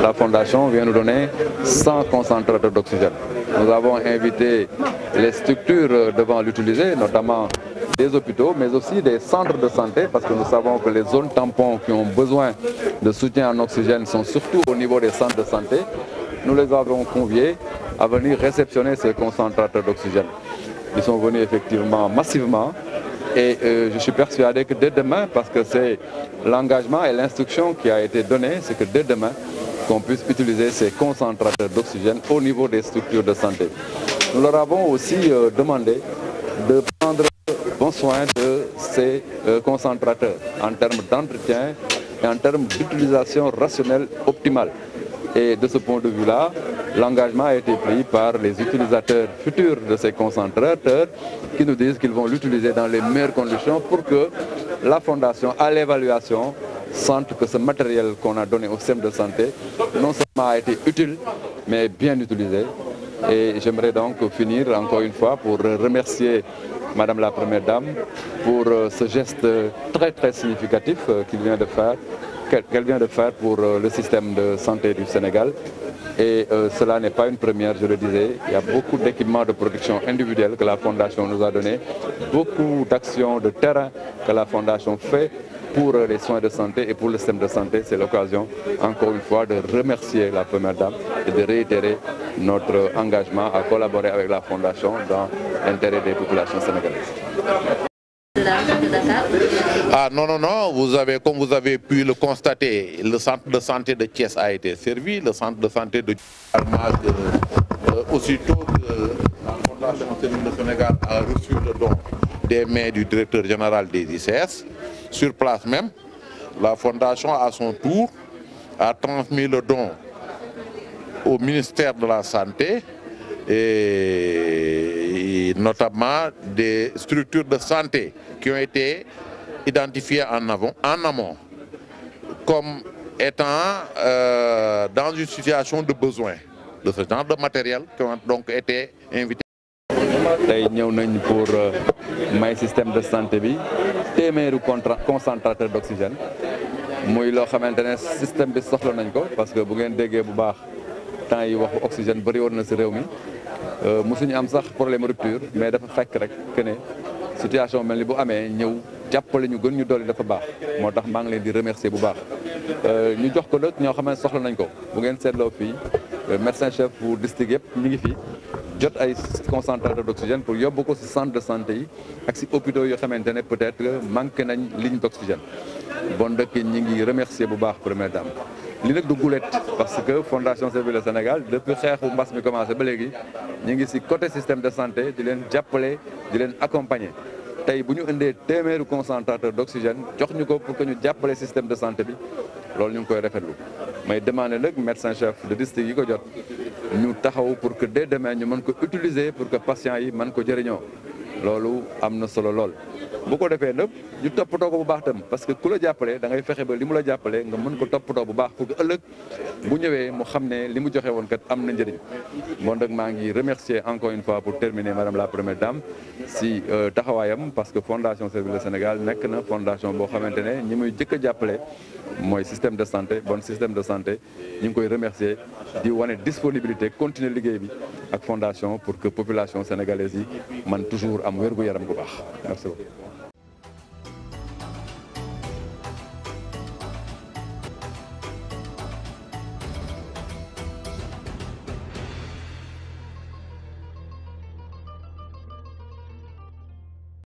la Fondation vient nous donner 100 concentrateurs d'oxygène. Nous avons invité les structures devant l'utiliser, notamment des hôpitaux, mais aussi des centres de santé, parce que nous savons que les zones tampons qui ont besoin de soutien en oxygène sont surtout au niveau des centres de santé. Nous les avons conviés à venir réceptionner ces concentrateurs d'oxygène. Ils sont venus effectivement massivement et euh, je suis persuadé que dès demain, parce que c'est l'engagement et l'instruction qui a été donnée, c'est que dès demain, qu'on puisse utiliser ces concentrateurs d'oxygène au niveau des structures de santé. Nous leur avons aussi euh, demandé de prendre bon soin de ces euh, concentrateurs en termes d'entretien et en termes d'utilisation rationnelle optimale. Et de ce point de vue-là, l'engagement a été pris par les utilisateurs futurs de ces concentrateurs qui nous disent qu'ils vont l'utiliser dans les meilleures conditions pour que la Fondation, à l'évaluation, sentent que ce matériel qu'on a donné au système de santé non seulement a été utile, mais bien utilisé. Et j'aimerais donc finir encore une fois pour remercier Madame la Première Dame pour euh, ce geste très très significatif euh, qu'elle vient de faire qu'elle vient de faire pour euh, le système de santé du Sénégal. Et cela n'est pas une première, je le disais. Il y a beaucoup d'équipements de production individuelle que la Fondation nous a donné, beaucoup d'actions de terrain que la Fondation fait pour les soins de santé et pour le système de santé. C'est l'occasion, encore une fois, de remercier la Première Dame et de réitérer notre engagement à collaborer avec la Fondation dans l'intérêt des populations sénégalaises. Ah non, non, non, vous avez, comme vous avez pu le constater, le centre de santé de Thiès a été servi, le centre de santé de Thiès, euh, aussitôt que la Fondation de Sénégal a reçu le don des mains du directeur général des ICS, sur place même. La fondation, à son tour, a transmis le don au ministère de la Santé et notamment des structures de santé qui ont été identifiées en, avant, en amont comme étant euh, dans une situation de besoin de ce genre de matériel qui ont donc été invités tey ñëw nañ pour euh, may système de santé bi téeméeru concentrateur d'oxygène muy loo xamante ne système bi soxla nañ ko parce que bu ngeen déggee bu baax temps yi waxu oxygène bëri woon na si réew mi euh, musuñu am sax problème rupture mais dafa fekk rek que ne situation mel ni bu amee ñëw jàppale ñu gën ñu doli dafa baax motax ma ngi leen di remercier bu baax euh ñu jox ko nag ñoo xam ne soxla nañ ko bu ngeen seetloo fii médecin chef bu district yépp ñu ngi fi jot ay concentrateur d'oxygène pour avoir beaucoup de centre de santé yi ak si hôpitaux yo xamante maintenant, peut-être manque nañ ligne d'oxygène bon dëkk ñi ngi remercier bu baax première dame li nak du parce que fondation Civile de Sénégal depuis xeexu mbass mi commencé ba légui ñi ngi ci côté système de santé di len jàppale di len accompagner tay bu ñu indee téeméeru concentrateur d'oxygène jox ñuko pour que ñu jàppale système de santé bi loolu ñu koy rafetlu may demander nag médecin chef de district yi jot ñu taxaw pour que dès demain ñu mën ko utiliser pour que patients yi mën ko jëriñoo loolu am na solo lool bu ko defee nag top to ko bu baax tam parce que ku la jappalé da ngay fexé ba li la jappalé nga mën ko top to bu baax ko que bu ñëwé mu xamné ne joxé won joxe kat am na njëriñ moom nag maa ngi remercier encore une fois pour terminer madame la première dame si euh, taxawayam parce que fondation service le Sénégal nek na fondation bo xamante ne ñi muy jëkk jappalé moy système de santé bon système de santé ñing koy remercier di wone disponibilité continuer liguey bi ak fondation pour que population sénégalaise yi man toujours am wér yaram bu baax merci beaucoup